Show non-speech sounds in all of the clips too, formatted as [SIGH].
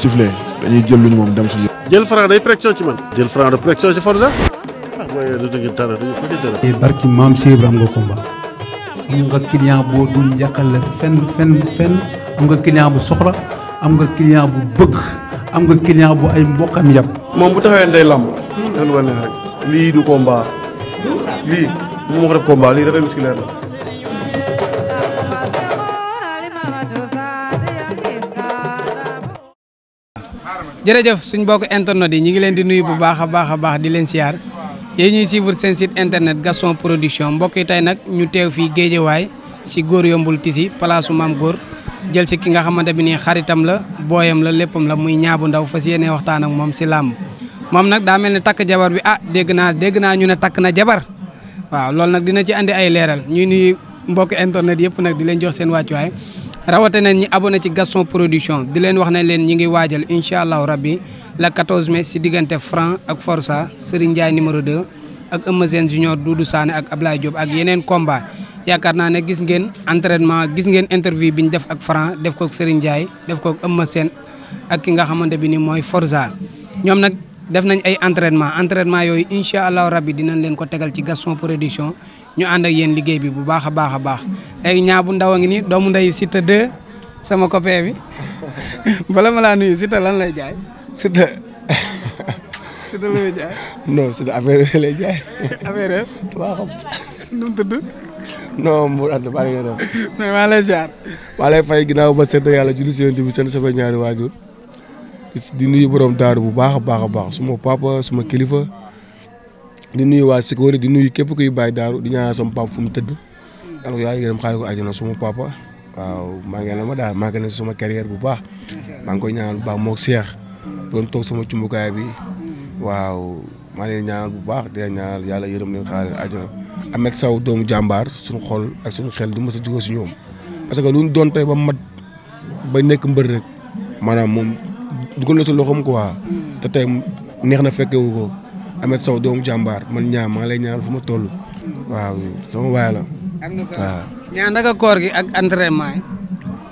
sifflé dañuy jël lu ñu moom dem suñu. jël franc day pression ci man. jël franc de pression ci Forza. ah mooy lu dëgg dara du fa dara. Eh, barki maam Cheikh Ibrahima am nga combat. boo dul yàqal fenn fenn fenn am nga client bu soxla am nga client bu bëgg am nga client bu ay mbokkam yàpp. moom bu taxawee day lamb. lii du combat. lii mu wax rek combat lii dafay musculaire la. jërëjëf suñ mbokk internet yi ñu ngi leen di nuyu bu baax a baax a baax di leen siyaar yéen ñuy suivre seen site internet Gaston Production mbokk yi tey nag ñu teew fii Géejawaay si góor yombul tisi palaasu maam góor jël si ki nga xamante bi nii xaritam la booyam la léppam la muy ñaabu ndaw fas yéene waxtaan ak moom si làmb moom nag daa mel ni takk jabar bi ah dégg naa dégg naa ñu ne takk na jabar waaw loolu nag dina ci indi ay leeral ñuy nuyu mbokk internet yëpp nag di leen jox seen wàccuwaay rawatina ñi abonné ci Gaston Production di leen wax ne leen ñi ngi waajal incha allahu rabbi la 14 mais si diggante Franc ak forsa Serigne Ndiaye numéro 2 ak Eumeu Sène Junior Doudou saane ak Ablaye Diop ak yeneen combat yaakaar naa ne gis ngeen entraînement gis ngeen interview bi ñu def ak Franc def ko ak Serigne def ko ak Eumeu ak ki nga xamante bi ni mooy Forza ñoom nag def nañ ay entraînement entraînement yooyu incha allahu rabbi dinañ leen ko tegal ci Gaston Production ñu ànd ak yéen liggéey bi bu baax a baax a baax ay ñaa bu ndaw a ngi nii doomu ndeyu Siteu 2 sama copain bi [LAUGHS] bala ma nuyu Siteu lan lay jaay. Siteu. Siteu la lay jaay. non Siteu affaire lay jaay. [LAUGHS] mu tudd. non Mbour Anta maa [LAUGHS] lay ziar. maa fay ginnaaw ba sant yàlla julli si yonent bi sant sama ñaari waajur di nuyu borom daaru bu baax a baax baax suma papa suma kilifa. di nuyu waa Sikori di nuyu képp kuy bàyyi daaru di ñaanal sama papa fu mu tëdd. yàlla ko yàlla yërëm xaare ko àjjana suma waaw maa ngi ne ma daal maa na ne sama carrière bu baax. maa ngi koy ñaanal bu baax moo Cheikh. doon toog sama cumbukaay bi. waaw maa ngi ñaanal bu baax di ñaanal yàlla yërëm leen xaare àjjana. Ahmed saw doomu jàmbaar suñu xol ak suñu xel du mës a jóge si parce que lu doon tey ba mat ba nekk mbër rek maanaam moom dugal na sa loxoom quoi. te tey neex na fekkewu ko Amet Sow doomu jàmbaar man ñaam maa ngi lay fu ma toll. waaw sama waay la. am ñaan naka koor gi ak entraînement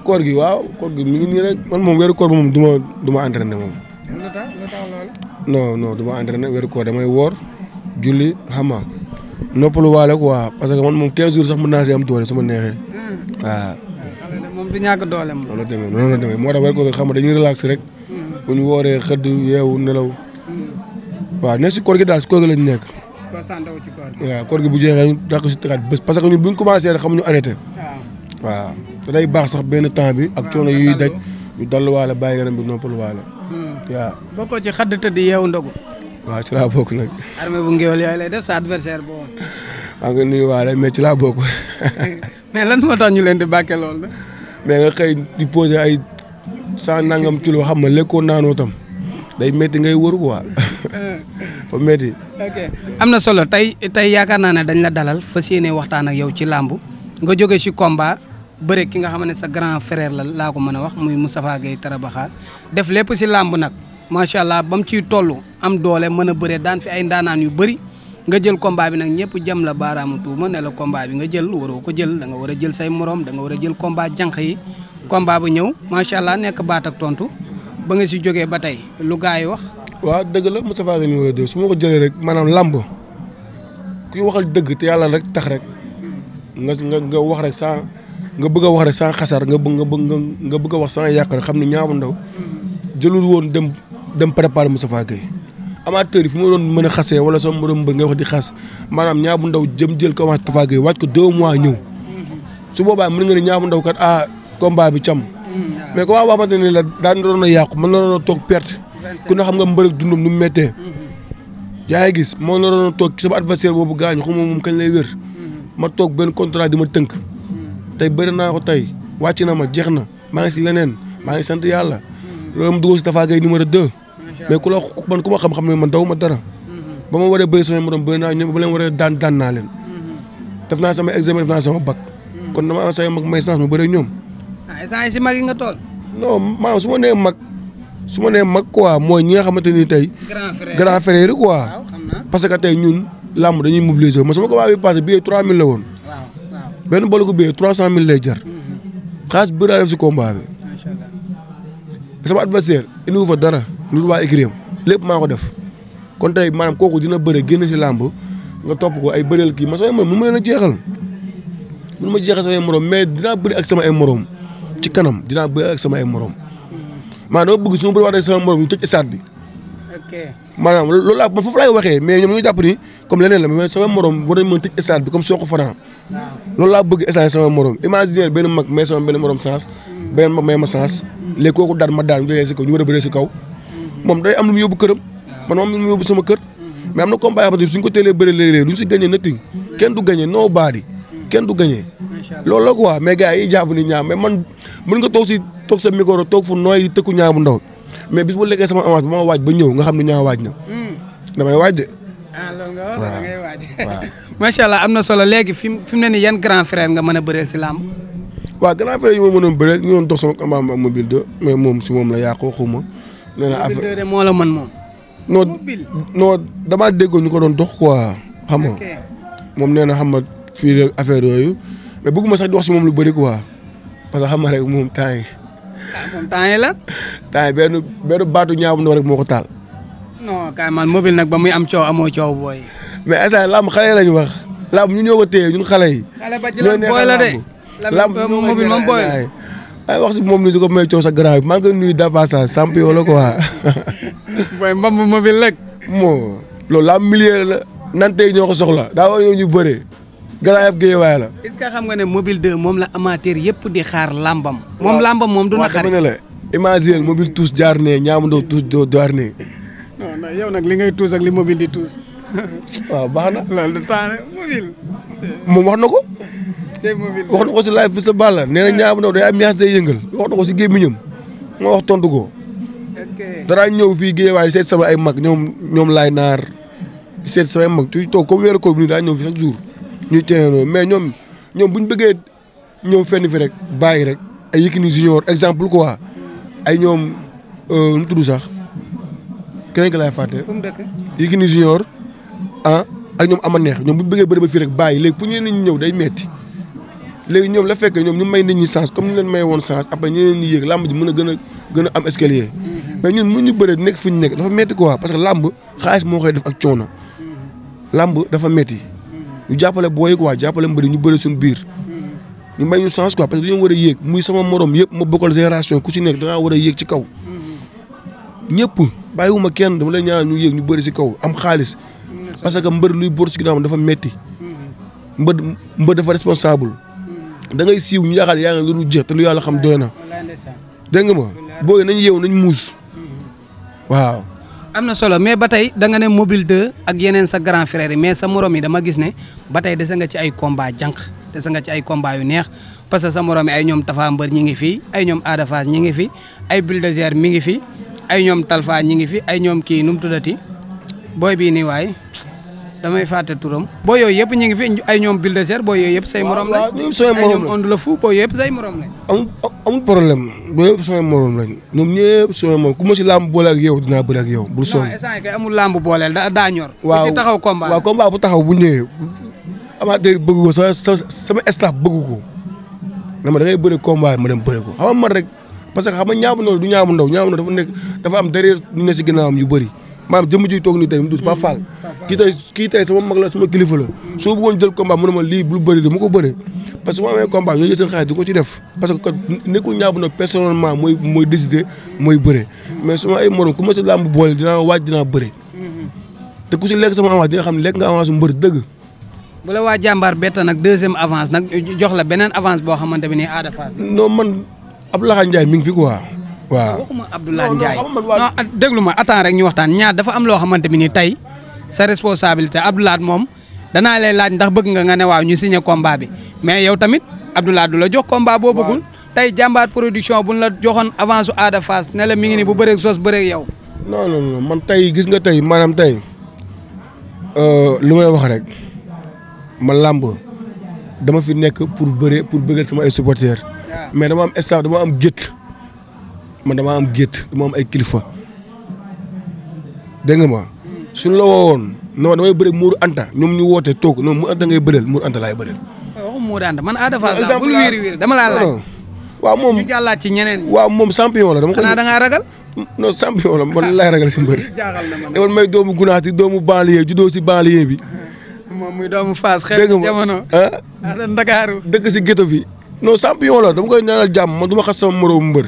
koor gi waaw koor gi mi nii rek man moom weeru koor moom du ma du ma entraîné moom. lu tax lu tax loolu. non woor julli xam nga noppalu waale quoi parce que man moom 15 jours sax mën naa am doole su ma neexee. Hmm. waaw. moom du ñàkk doole moom. noonu la demee la demee moo tax weeru koor xam nga dañuy relaxé rek. Hmm. bu ñu wooree xëdd yeewu nelaw. waaw ne si koor gi daal si koor gi nekk. concentré wu bu jeexee ñu dàq si tëggaat bés parce que ñun bu ñu commencé rek xamuñu arrêté. waaw waaw te day baax sax benn temps bi. ak coono yuy daj ñu dalluwaale bàyyi yaram bi noppaluwaale. Hmm. waaw bokkoo ci xadd tëdd yeewu ndogu. waaw ci laa bokk na armée bu lay def sa adversaire boo. maa ngi nuyuwaale mais ci laa bokk. [LAUGHS] mais lan moo tax ñu leen di bàkke lool la. mais nga xëy di posé ay saa nangam ci loo xam ne lekkoo naanoo tam day metti ngay wër quoi. fa métti. am na solo tey tey yaakaar naa ne dañ la dalal fas yéene waxtaan ak yow ci làmb nga jóge ci combat bëre ki nga xam ne sa grand frère la laa ko mën a wax muy Moustapha Gueye def lépp si làmb nag macha allah ba mu ciy toll am doole mën a bëre daan fi ay ndaanaan yu bëri. nga jël combat bi nag ñëpp jam la baaraamu tuuma ne la combat bi nga jël waroo ko jël da nga war a jël say moroom danga war a jël combat jànq yi komba bu ñëw macha allah nekk baat ak tontu ba nga si jógee ba tey lu gars yi wax waaw dëgg la Moustapha Gueye numéro 2 su ma ko jëlee rek maanaam ku kuy waxal dëgg te yàlla rek tax rek nga nga nga wax rek sans nga bëgg a wax rek sans xasar nga bëgg nga nga bëgg a wax sans yàq rek xam ne ñaaw ndaw jëlul woon dem dem préparer Moustapha Gueye amateur yi fu ma doon mën a xasee wala sama morom mbër nga wax di xas maanaam ñaaw ndaw jëm jël commencé Moustapha Gueye waaj ko deux mois ñëw su boobaa mën nga ne ñaaw ndaw kat ah combat bi cam mm, mais comment boo xamante ne la daan doon a yàqu mën na doon a toog perte. ku ne xam nga mbërëg dundam nu mu méttee. yaa ngi gis moo naroon toog sama adversaire boobu gaañu xaw ma moom kañ la wér. ma toog benn contrat di ma tënk. tey bëri naa ko tey wàcc na ma jeex na maa ngi si leneen maa ngi sant yàlla. loolu mu dugal si Tafa Gueye numéro 2. mais ku la man ku xam-xam ne man daw ma dara. ba ma waree bëri sama morom bëri naa ñoom ba leen waree daan daan naa leen. def naa sama examen def naa sama bac. kon dama sama mag may chance mu bëri ñoom. ah su ma nee mag quoi mooy ñi nga xamante ni tey. grand frère grand frère yi parce que tey ñun lamb dañuy mobiliser ma sama combat bi passé billet 3000 la woon. waaw waaw benn bolo ko billet 300000 lay jar. Mhm. xaalis bi daa def si combat bi. macha sama adversaire indiwu fa dara lu waa écriam lépp maa ko def kon tey maanaam kooku dina bëre génn si làmb nga topp ko ay bëreel kii ma sama morom mu ma leen a jeexal mun ma jeexal sama ay morom mais dinaa bëri ak sama ay moroom ci kanam dinaa bëri ak sama ay morom. maanaam dama bëgg su ma bëri waxee sama morom ñu tëj stade bi. ok loolu laa man foofu laay waxee mais ñoom ñoo jàpp ni comme leneen la mais sama morom war nañ mën tëj stade bi comme soo ko faran. waaw loolu laa bëgg stade sama morom imaginer benn mag mais sama benn morom sens. beneen mag may ma sens. Mm-hmm. léegi kooku daan ma daan ñu jógee si kaw ñu war a bëree si kaw. Mm-hmm. moom day am lu mu yóbbu këram. man moom lu mu yóbbu sama kër. Mm-hmm. mais am na combat yoo xam ne suñ ko teelee bëri léeg kenn du gagné nobody kenn loolu la quoi mais gars yi jàpp ni ñaam mais man mën nga toog si toog sa micro toog fu nooy di tëkku ñaamu ndaw mais bis bu lekkee sama avance bu ma waaj ñëw nga xam ne ñaa waaj na. Hmm. damay waaj de. Ah, waaw [LAUGHS] [LAUGHS] macha am na solo léegi fi mu fi mu ne nii yan grand frère nga mën a bëreel si làmb. waaw grand frère yi ma mënoon bëreel ñu doon dox sama combat ak mobile 2 moom si moom la yàqoo xuma. nee na affaire mobile 2 de moo la mën moom. non ñu ko doon dox quoi. xam nga moom nee na xam nga fii rek affaire yooyu. mais bëgguma sax di wax si moom lu bëri quoi parce que xam nga rek moom temps yi. Ah, moom temps yi la. [LAUGHS] temps yi moo ko taal. non kay man mobile nag ba muy am coow amoo coow booy. mais instant lamb xale lañ wax lamb ñu ñoo ko téye ñun xale yi. xale ba la booy la de. lamb mobile moom booy la waaye wax ko may coow sa la quoi. [LAUGHS] la nante yi ñoo ko soxla daa war ñoo ñu garaaf géewaay la. est-ce que xam nga ne mobil 2 moom la amateur yëpp di xaar lambam moom làmbam moom du na xaar la imagine mobile tous jaar ne ñaamandoo tous doo jaar ne. non non yow nag li ngay tous ak li mobile di tous. waaw na loolu moom wax na ko. tey mobile wax na ko si live bi sa bàll nee na ñaamandoo eh. am ñaas day yëngal wax na ko si gémmiñam wax tontu ko. daraa ñëw fii géewaay seet sama ay ñoom ñoom laay naar seet sama ay mag tuuti toog comme weeru daa ñëw fii chaque ñuy teeweroo mais ñoom ñoom bu ñu bëggee ñëw fenn fi rek bàyyi rek ay Yékini junior exemple ko quoi ay ñoom euh, nu tudd sax keneen ki laay fàtte. fu mu dëkk Yékini junior ah ak ñoom ama neex ñoom bu ñu bëggee bëri ba fii rek bàyyi léegi pour ñeneen ñi ñëw day metti léegi ñoom la fekkee ñoom ñu may nit ñi chance comme ñu leen may woon chance après ñeneen ñi yéeg làmb ji mën a gën a gën a am escalier. Mm-hmm. mais ñun mu ñu bëree nekk fu ñu nekk dafa metti quoi parce que làmb xaalis moo koy def ak coono làmb dafa metti ñu jàppale booy quoi jàppale mbëri ñu bëri suñu biir ñu may ñu chance quoi parce que dañoo war a yéeg muy sama morom yëpp ma bokkal génération ku si nekk dangaa war a yéeg ci kaw ñëpp ma kenn dama lay ñaanal ñu yéeg ñu bëri si kaw am xaalis parce que mbër luy bor si ginnaawam dafa metti mbër mbër dafa responsable da ngay siiw ñu yaakaar yaa ngi lu jeex te lu yàlla xam doy na dégg nga ma booy nañ yeew nañu muus mm-hmm. am na solo mais ba tey da nga ne mobile 2 ak yeneen sa grand frère yi mais sa morom yi dama gis ne ba tey dese nga ci ay combat jànq dese nga ci ay combat yu neex parce sa morom yi ay ñoom Tafa Mbër ñi ngi fi ay ñoom Ada Fass ñi ngi fi ay Bulldozer mi ngi fi ay ñoom Talfa ñi ngi fi ay ñoom kii nu mu tuddati booy bii nii waay. damay fàtte turam boo yooyu yëpp ñu ngi fi ay ñoom bulldozer boo yooyu yëpp say morom lañ ay ñoom ond la fu boo yëpp say morom lañ amul amul problème boo yëpp samay morom lañ ñoom ñëpp samay morom ku ma si làmb boole ak yow dinaa bëri ak yow bul sonn instant kay amul làmb booleel da daa ñor waaw ci taxaw combat waaw combat bu taxaw bu ñëwee amateur bëgg ko sama sama staff bëgg ko na ma da ngay bëri combat ma dem bëri ko xam nga man rek parce que xam nga ñaamu loolu du ñaamu ndaw ñaamu ndaw dafa nekk dafa am derrière ñu ne si ginnaawam yu bëri maanaam jëmm ji toog nii tey mu dus ba faal kii tey kii sama mag la sama kilifa la soo bëggoon jël combat mu ne ma lii bul bëri de mu ko bëri parce que bu amee combat yooyu seen ko ci def parce que kat nekkul ñaabu nag mooy mooy décider mais suma ay morom ku ma si làmb boole dinaa waaj dinaa ku si lekk sama avance di nga xam ne lekk nga avance mbër dëgg bu la waa jàmbaar bett nag deuxième avance nag jox la beneen avance boo xamante bi ni Ada Fass non man mi ngi fi quoi waaw waxuma Abdoulaye Ndiaye non déglu ñu waxtaan ñaar dafa am loo xamante bi ni tey sa responsabilité Abdou moom danaa lay laaj ndax bëgg nga nga ne waaw ñu signé combat bi mais yow tamit Abdou Lahad du la jox combat boo bëggul tey jàmbaar production buñ la joxoon avance Ada Fass ne la mi ngi ni bu bëreeg sos bëreeg yow. non non non man tey gis nga tey maanaam tey euh, lu may wax rek ma làmb dama fi nekk pour bëre pour bëggal sama ay supporters. mais dama am staff dama am gét man dama am gétt dama am ay kilifa dégg nga ma. suñ la woowoon non damay bëri muuru Anta ñoom ñu woote toog non mu Anta ngay bëreel muuru Anta laay bëreel. waxu muuru Anta man Ada Fass laa bul wiiri wiiri dama laa laaj. waaw moom ñu jàllaat ci ñeneen waaw moom champion la dama ko. xanaa da ngaa ragal. non champion la man laay ragal si mbër. [LAUGHS] jaaxal na man may doomu gunaas yi doomu banlieue juddoo si banlieue bi. moom muy doomu Fass xeetu jamono ah Ndakaaru dëkk si ghetto bi. non champion la dama koy ñaanal jàmm man du ma xas sama moroom mbër.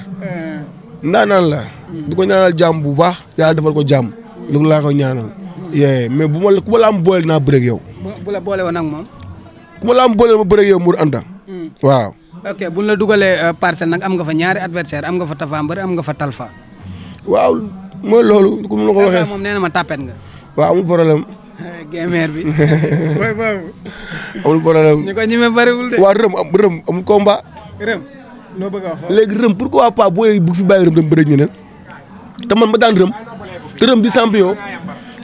ndaanaan la. du ko ñaanal jàmm bu baax yàlla defal ko jàmm loolu laa koy ñaanal. mais bu ma ku ma la am boole naa bëreeg yow. bu la boole woon ak moom. ku ma la am boole ma bëreeg yow Mour Anta. Hmm. waaw. ok bu la dugalee euh, parcelle nag am nga fa ñaari adversaire am nga fa Tapha Mbeur am nga fa Talfa. waaw mooy loolu. comme ma ko waxee moom nee na ma tapet nga. waaw amul problème. Eh, gémère bi mooy [LAUGHS] boobu. ko waa rëm am rëm amul combat. rëm loo bëgg a wax léegi rëm pourquoi pas booy bu rëm dem bëreeg ñu ne rëm. tërëm di champion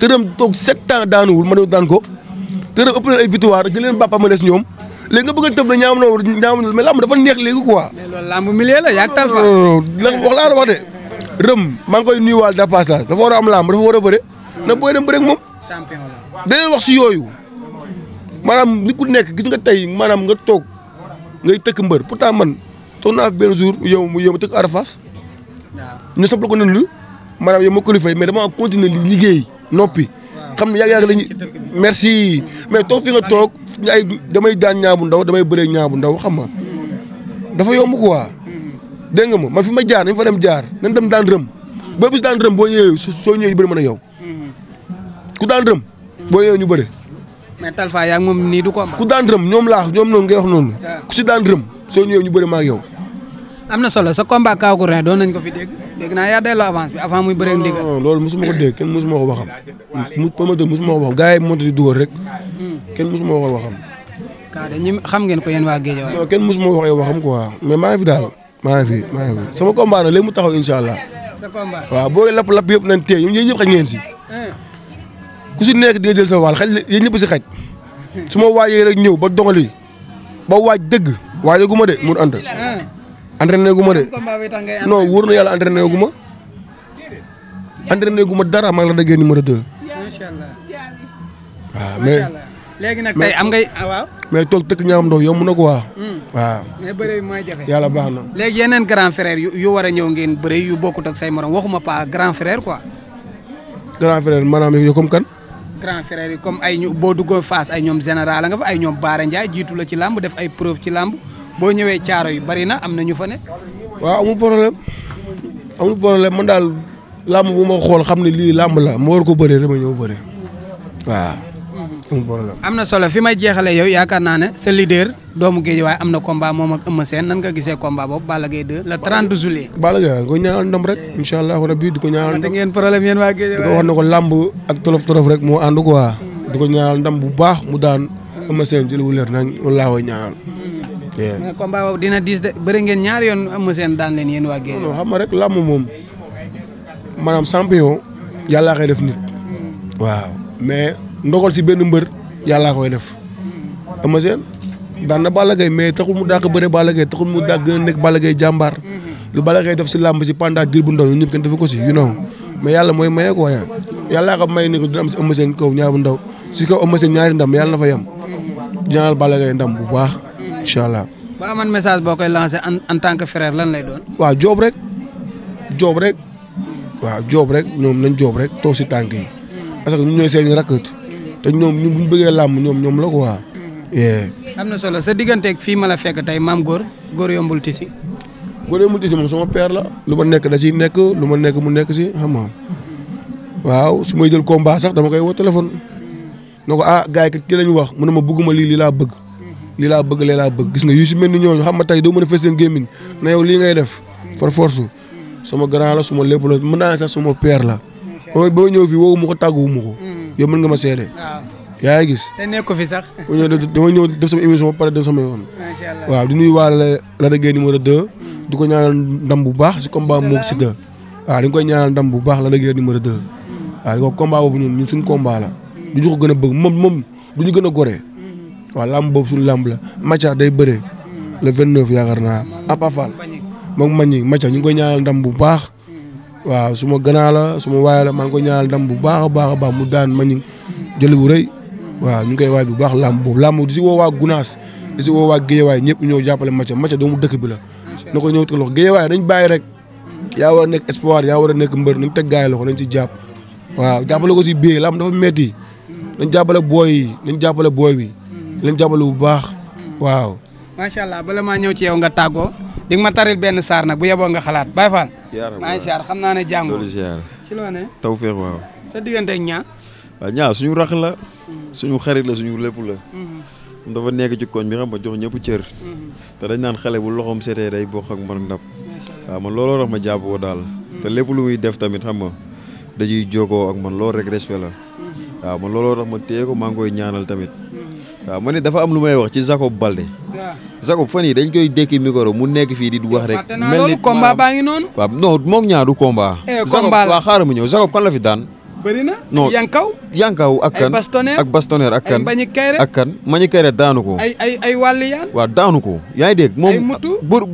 tërëm toog sept ans daanuwul ma ne daan ko tërëm ëpp leen ay victoire jël leen bàppa ma des ñoom léegi nga bëgg a tëb na ñaam noo ñaam mais dafa neex léegi quoi. mais loolu la yaa tal fa. wax laa wax de rëm maa koy nuyuwaal de passage dafa war a am lamb dafa war a bëre. na booy dem bëre ak moom. champion la dañuy wax si yooyu maanaam li ku nekk gis nga tey maanaam nga toog ngay tëkk mbër pourtant man toog naa ak benn jour yow yow tëkk Arafas. waaw ñu soppal ko nañ lu. maanaam yow ma qualifié mais dama continuer liggéey noppi. xam ne yàgg lañu merci mais toog fi nga toog ay damay daan ñaabu ndaw damay bëree ñaabu ndaw xam nga dafa yomb quoi dégg nga ma man fi ma jaar nañ fa dem jaar nañ dem daan rëm boo bis daan rëm boo ñëwee soo ñëwee ñu bëri mën a yow ku daan rëm boo ñëwee ñu bëri. mais Talfa yaa ngi nii du ko am. ku daan rëm ñoom laa ñoom noonu ngay wax noonu ku si daan rëm soo ñëwee ñu bëri maa ak yow. am na solo sa combat Kaakurain doon nañ ko fi dégg dégg naa yaa delloo avance bi avant muy bëree ndigal. loolu mosuma ko dégg kenn mosuma ko waxam. mu promoteur mosuma ko wax gars yi moto di hmm. kenn mosuma ko waxam. kaa de ñi xam ngeen ko yéen waa kenn mosuma waxee waxam quoi mais maa ngi fi daal maa ngi fi maa taxaw incha allah. sa combat waaw boo lapp lapp yëpp nañ si. Eh. ku si nekk di jël sa wàll xaj yéen ñëpp si xaj. su ma waajee rek ñëw ba dongali ba waaj dëgg waajagu ma de mun ànd eh. entraîné gu ma de non wóor na yàlla entraîné gu ma entraîné gu ma dara maa ngi la déggee numéro 2. macha allah waaw mais. léegi nag tey am ngay ah, waaw mais toog tëkk ñaaram doom yomb na ko waaw. Hmm. waaw mais mooy jafe. yàlla baax na léegi yeneen grand frère yu yu war a ñëw ngeen bëre yu bokkut ak say morom waxuma pas grand frère quoi. grand frère maanaam yow comme kan. grand frère yi comme ay ñu boo duggoon Fass ay ñoom général nga fa ay ñoom Baara Ndiaye jiitu la ci làmb def ay preuve ci làmb boo ñëwee caaro yi bari na am na ñu fa nekk. waaw amul problème amul problème man daal làmb bu ma xool xam ne lii làmb la ma war ko bëree dama ñëw bëri waaw. Hmm. amul am na solo fi may jeexalee yow yaakaar naa ne sa doomu géej waaye am na combat moom ak Eumeu Sène nan nga gisee combat boobu Balla Gaye 2 le 30 juillet. Balla Gaye ko ñaanal ndam rek incha allah ko ñaanal ndam ngeen problème yéen waa géej waaye di ko làmb ak rek moo ànd quoi. Hmm. di ko ñaanal ndam bu baax mu daan Eumeu Sène jël wu leer nañ wallaahi ñaanal. Hmm. mais combat boobu dina diis de bëri ngeen ñaari yoon am seen daan leen yéen waa Guèye. non xam nga rek làmb moom maanaam champion yàllaa koy def nit. Mm. waaw mais si benn mbër yàllaa koy def. am mm. seen daan na Balla Gaye mais taxul mu dàq bëre Balla Gaye taxul mu dàq gën a nekk Balla Gaye jàmbaar. Mm-hmm. lu Balla Gaye def si làmb si pendant diir bu ndaw ñun ñëpp kenn defu ko si you know mm-hmm. mais yàlla mooy maye ko waaye yàllaa ko may ne ko dina am si Eumeu kaw ñaar bu ndaw si kaw Eumeu ñaari ndam yàlla na fa yem. Mm-hmm. ñaanal Balla bu baax. incha allah. ba message boo koy lancé en tant que frère lan lay doon. waaw joob rek joob rek waaw joob rek ñoom nañ joob rek toog si tànk yi. Mm. parce que ñun ñooy seen i rakkat. te ñoom ñun bu ñu bëggee làmb ñoom ñoom la quoi. Mm. am na solo sa digganteeg fii ma la fekk tey maam góor góor yombul tisi. góor yombul tisi moom sama père la. lu ma nekk da ciy nekk lu ma nekk mu nekk si xam nga waaw su may jël combat sax dama koy woo téléphone. Mm. na ko ah gars yi kat ki lañ wax mun ne ma bëgguma lii lii laa bëgg. lii laa bëgg lee laa bëgg gis nga yu si mel ni ñooñu xam nga tey doo mën a fees seen gémmiñ na yow lii ngay def for force sama grand la suma lépp la mën naa ne sax suma père la ba ma ñëw fii woowu ma ko tàgguwu ma ko mm-hmm. yow mën nga ma seede yaa gis te nekk ko fi sax ñëw dama ñëw def sama émission ba pare def yoon waaw di nuyu waa la dëggee numéro 2 mm-hmm. di ko ñaanal ndam bu baax si combat moom si te waaw di nga koy ñaanal ndam bu baax la dëggee numéro 2 mm-hmm. waaw di ko combat boobu ñun ñun suñu combat la du ñu ko gën a bëgg moom moom du ñu gën a goree waaw làmb boobu suñu làmb la Macha day bëree le 29 yaakaar naa Apa Fall moom Magny Macha ñu ngi koy ñaanal ndam bu baax waaw su ma gënaa la su ma maa ngi koy ñaanal ndam bu baax a baax a baax mu daan Magny jëli bu rëy waaw ñu ngi koy waay bu baax làmb boobu làmb di si woo waa Gunaas di si woo waa Géeyawaay ñëpp ñëw jàppale Macha Macha doomu dëkk bi la na ko ñëw teg loxo Géeyawaay nañ bàyyi rek yaa war a nekk espoir yaa war nekk mbër nañ teg gaay loxo nañ si jàpp waaw jàppale ko si biir làmb dafa metti jàppale booy yi jàppale booy bi leen jàppale bu baax waaw. macha allah bala maa ñëw ci yow nga tàggoo di ma taril benn saar nag bu yeboo nga xalaat Baye Fall. maa ngi xam naa ne jàngu. loolu ziar ci loo ne. tawféex waaw. sa diggante ak ñaa. waaw ñaa suñu rax la. Mm-hmm. suñu xarit la suñu lépp la. Mm-hmm. dafa nekk ci koñ bi xam ma jox ñëpp cër. Mm-hmm. te dañ naan xale bu loxoom seetee day bokk ak ma ndab. waaw man looloo tax ma jàpp ko daal. te lépp lu def tamit xam ma dañuy jógoo ak man loolu rek respect la. waaw man maa ngi koy ñaanal tamit waaw ma ne dafa am lu may wax ci Jacob Balde. Jacob fan yi dañ koy dékki micro mu nekk fii di du wax rek. mel ni combat baa ngi noonu. waaw non moog ñaar du combat. Eh, Jacob waaw xaaral mu ñëw Jacob kan la fi daan. bëri na non yankaw yankaw ak kan ak bastonnaire ak kan ak kan mañi kayre daanu ko ay ay ay wàllu daanu ko yaa ngi dégg moom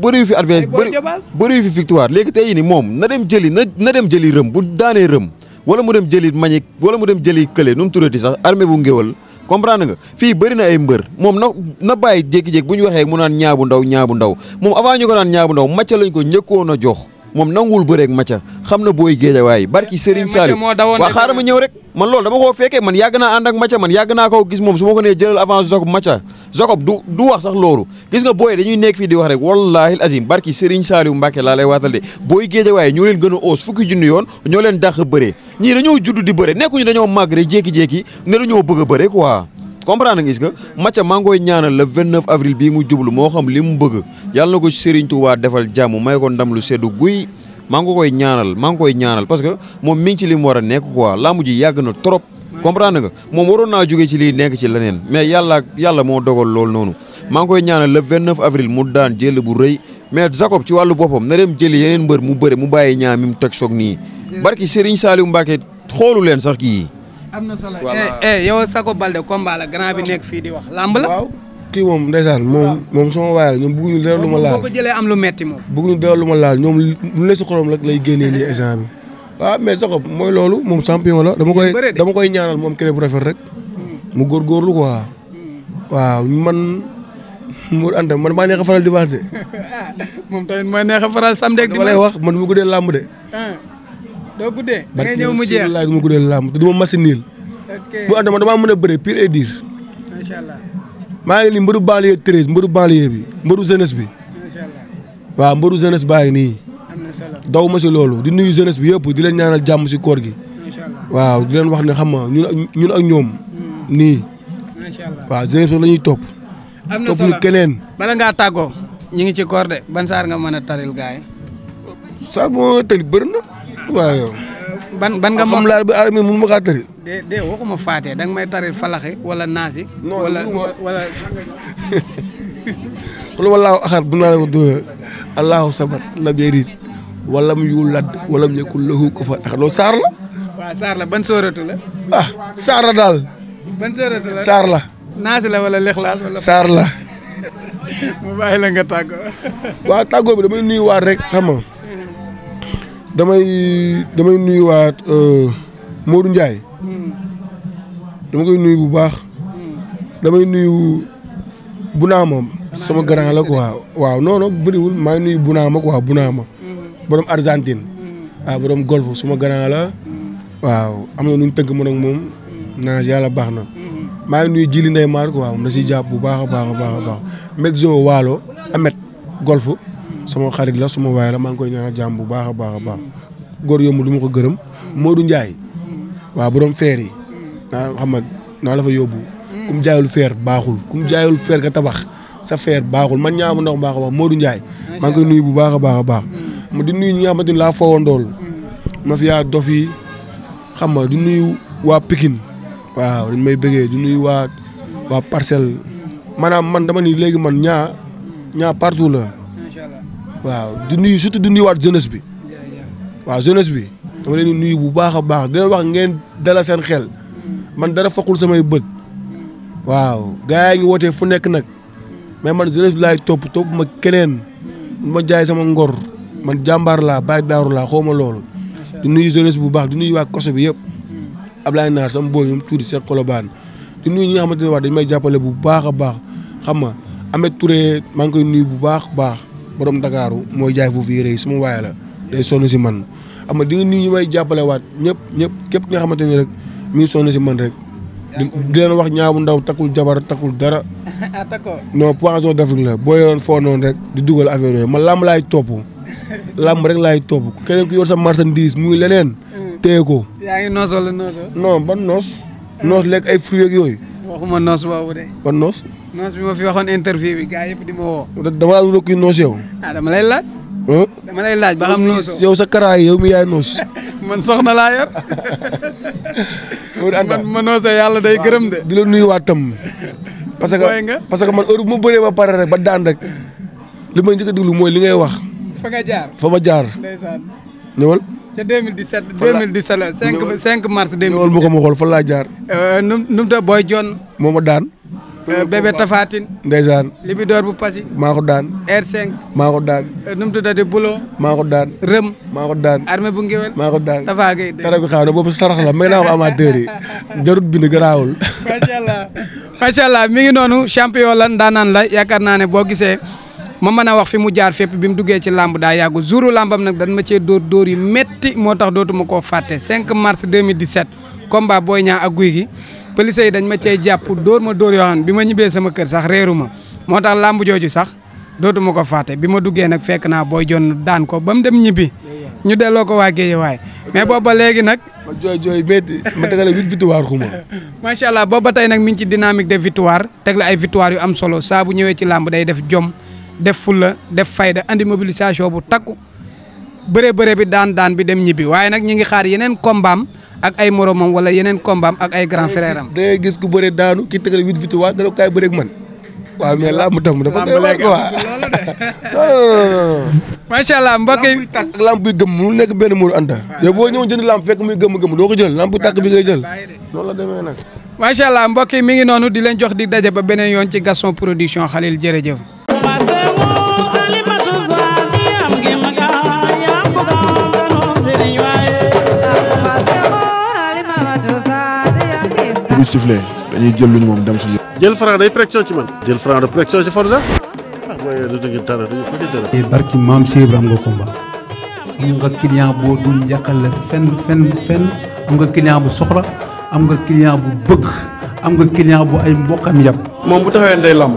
bëri fi adversaire bëri fi victoire léegi tey nii moom na dem jëli na na dem jëli rëm bu daanee rëm wala mu dem jëli mañi wala mu dem jëli kële nu mu tuddati sax armée bu ngéwal comprendre nga fii bëri na ay mbër moom na na bàyyi jékki-jékki ñu waxee mu naan ñaabu ndaw ñaabu ndaw moom avant ñu ko naan ñaabu ndaw macca lañ ko njëkkoon a jox moom nanguwul bëreeg Macha xam na booy géejawaay barki Serigne Saliou waa xaaral ma ñëw rek man loolu dama koo fekkee man yàgg naa ànd ak Macha man yàgg naa koo gis moom su ma ko nee jëlal avance Jacob Macha Jacob du wax sax loolu gis nga booy dañuy nekk fii di wax rek wallahi azim barki Serigne Saliou Mbacke laa lay waatal de booy géejawaay ñoo leen gën a oos fukki junni yoon ñoo leen dàq bëree ñii dañoo judd di bëre nekkuñu dañoo màgg rek jékki-jékki ne dañoo bëgg bëre quoi comprendre nga gis nga Macha maa ngi koy ñaanal le 29 bii mu jublu moo xam li mu bëgg yàlla na ko Serigne Touba defal jàmm may ko ndam lu seddu guy maa ngi koy ñaanal maa ngi koy ñaanal parce que moom mi ngi ci li mu war a nekk quoi làmb ji yàgg na trop. comprendre nga moom waroon naa jóge ci lii nekk ci leneen mais yàlla yàlla moo dogal loolu noonu maa ngi koy ñaanal le 29 avril mu daan jël bu rëy mais Jacob ci wàllu boppam na dem jëli yeneen mbër mu bëre mu bàyyi ñaar mi mu teg soog nii barki Serigne Saliou Mbacke xoolu leen sax kii am na solo eh, eh, yow Sakho Balde combat la grand bi nekk fii di wax làmb la. waaw kii moom ndeysaan moom moom sama waay la ñoom bëgguñu dara lu ma laal moom ko jëlee am lu metti moom. bëgguñu dara lu ma laal ñoom lu ne si xorom rek lay génnee nii [LAUGHS] instant bi. waaw mais Sakho mooy loolu moom champion la dama koy dama koy ñaanal moom keneen bu rafet rek. Hmm. mu góorgóorlu quoi. Hmm. waaw man. Mour Anta man maa neex a faral di wax de. [LAUGHS] Ah, moom tamit mooy neex a faral samedi ak dimanche. dama lay wax man mu guddee làmb de. Ah. doo guddee da ngay ñëw mu jeex barke du ma guddee làmb te du ma masi niil. bu adama damaa mën a bëre pire et dire. macha allah maa ngi nii mbëru banlieue treize mbëru banlieue bi mbëru jeunesse bi. waaw mbëru jeunesse baa ngi nii. am na solo daw ma loolu di nuyu jeunesse bi yëpp di leen ñaanal jàmm si koor gi. macha waaw di leen wax ni xam ma ñun ak ñun ak ñoom. Hmm. nii. macha allah waaw jeunesse la ñuy topp. am na solo topp ñu keneen. bala ngaa tàggoo. ñu ngi ci koor de ban saar nga mën a taril gars yi. saar moo tëj bëri na. waaw yow. ban ban nga ah, moom bi armi mun ma kaa tëri. de de waxuma faatee da nga may tari falaxe walla naasi. wala wala. xul [LAUGHS] wallaahu axad bu naa la ko dóoree saar la. waaw saar la ban sóoratu la. ah saar la daal. ban sóoratu la saar la. naasi la wala lexlaas wala. [LAUGHS] saar la. [LAUGHS] mu bàyyi la nga tàggoo. waaw tàggoo bi damay nuyuwaat rek xam damay damay waat euh, Modou Ndiaye. dama koy nuyu bu baax. damay nuyu bunaa moom sama grand la quoi waaw non non bëriwul maa ngi nuyu bunaa ma quoi bunaa mm-hmm. borom Argentine. Mm-hmm. ah borom golf suma grand la. Mm-hmm. waaw am na nu ñu tënk mën ak moom. naa yàlla baax na. maa ngi nuyu Jili Ndeye Mar quoi na si jàpp bu baax a baax a baax a baax Medzo Waalo Amet golf. sama xarit la suma waay la maa ngi koy ñaanal jàmm bu baaxa a baax a baax góor yomb du ma ko gërëm Modou Ndiaye waaw borom feer yi naa xam nga naa la yóbbu ku mu jaayul feer baaxul ku mu jaayul feer ka tabax sa feer baaxul man ñaamu ndox baax baaxa moodu Modou Ndiaye koy nuyu bu baaxa a baax a baax mu mm. di nuy ñi nga laa foowandool ma mm. fiyaa dofi yi xam nga di nuyu waa pikin waaw dañ may bëggee di nuyu waa waa parcelle maanaam man dama ni léegi man ñaa ñaa partout la waaw di nuyu surtout di nuyuwaat jeunesse bi waaw jeunesse bi dama leen nuyu bu baax a baax di leen wax ngeen dala seen xel man dara foqul samay bët waaw gars yi ngi wootee fu nekk nag mais man jeunesse bi laay topp ma keneen ma jaay sama ngor man jàmbaar laa bàyyi daaru laa xaw ma loolu di nuyu jeunesse bu baax di nuyu waa koso bi yëpp Ablaye Naar sama booy ñoom tuuti seen kolobaan di nuyu ñi nga xamante ne wax dañu may jàppale bu baax a baax xam nga Ameth Touré maa ngi koy nuyu bu baax baax borom Ndakaaru mooy jaay foofu yére yi sama waay la day sonn si man xam nga di nga nii ñu may jàppale waat ñëpp ñëpp képp xamante ni rek mi ngi si man rek. di leen wax ñaabu ndaw takkul jabar takkul dara. [LAUGHS] ah d'accord non poisson d'Afrique boo yoroon foo noonu rek di dugal affaire yooyu man làmb laay topp [LAUGHS] làmb rek laay topp keneen ku yor sa marchandise muy leneen. Mm. téye ko. yaa ngi noos wala noosoo. non ban noos. Ah. lekk ay fruits yooyu. waxuma noos boobu de. ban noos. noos bi ma fi waxoon interview bi gars yëpp di ma woo. dama laa doon kuy noos yow. ah dama lay laaj. dama laaj ba xam noosoo. yow sa karaay yow mi yaay noos. [LAUGHS] man soxna laa yor. [LAUGHS] man ma noosee yàlla day gërëm de. di la nuyuwaat tam. [LAUGHS] parce que parce que man heure bu ma bëree ba pare rek ba daan rek li ma njëkk a mooy li ngay wax. fa ma jaar. ñëwal. ca 2017. fa la 2017 5 5 mars 2017. loolu moo ko jaar. Euh, nu ta Boy John. moo ma daan. Euh, bébé Tafatine. ndeysaan. libidoor bu Passy. maa daan. R5. maa ko daan. Euh, nu mu tuddati Bulo. maa daan. Rëm. maa ko daan. armée bu Ngéwél. maa ko daan Tafa Gueye. dara bi xaaw boobu sarax la may naa ko amateur yi jarut bind garaawul. [LAUGHS] macha allah macha mi ngi noonu champion la ndaanaan la yaakaar naa ne boo gisee. ma mën a wax fi mu jaar fépp bi mu duggee ci làmb daa yàggu jouru làmbam nag dañ ma cee dóor dóor yi métti moo tax dootuma koo fàtte 5 mars 2017 combat Boy Niang ak gi Gui police yi dañ ma cee jàpp door ma dóor yoo xam bi ma ñibbee sama kër sax réeru ma moo tax làmb jooju sax dootuma ko fàtte bi ma duggee nag fekk naa booy Jon daan ko ba mu dem ñibbi ñu delloo ko waa Guédiawaye mais boobu ba léegi nag. ma jooy jooy métti ma tegale huit victoire xuma. [LAUGHS] macha allah boobu ba tey nag mi ngi ci dynamique de victoire teg la ay victoire yu am solo saa bu ñëwee ci làmb day def jom def fulla def fayda andi mobilisation bu takk bëre bëre bi daan daan bi dem ñibbi waaye nag ñi ngi xaar yeneen kombaam ak ay moromam wala yeneen kombaam ak ay grand frère am. gis ku bëre daanu ki tëgal huit huit waa dara kaay bëre ak man. waaw mais làmb tam dafa doy waar [LAUGHS] gëm mu nekk benn muur a boo ñëw jënd làmb fekk muy gëmm gëmm doo ko jël làmb bu bi ngay jël noonu macha allah mbokk mi ngi noonu di leen jox di daje ba beneen yoon ci Gaston Production Khalil jëf bi sifflé dañuy jël lu ñu moom dem suñu. jël Franc day pression ci man. jël Franc de pression ci Forza. ah mooy lu dëgg dara du fa dara. Eh, barki maam Cheikh Ibrahima am nga combat boo dul yàqal fenn fenn fenn am nga client bu soxla am nga client bu bëgg am nga client bu ay mbokkam yàpp. moom bu taxawee day lamb.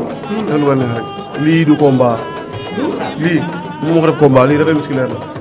lii du combat lii mu wax rek combat lii dafay musculaire la.